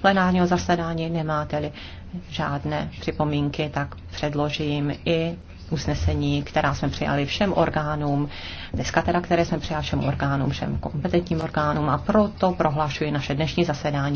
plenárního zasedání nemáte-li žádné připomínky, tak předložím i usnesení, která jsme přijali všem orgánům, dneska teda, které jsme přijali všem orgánům, všem kompetentním orgánům a proto prohlašuji naše dnešní zasedání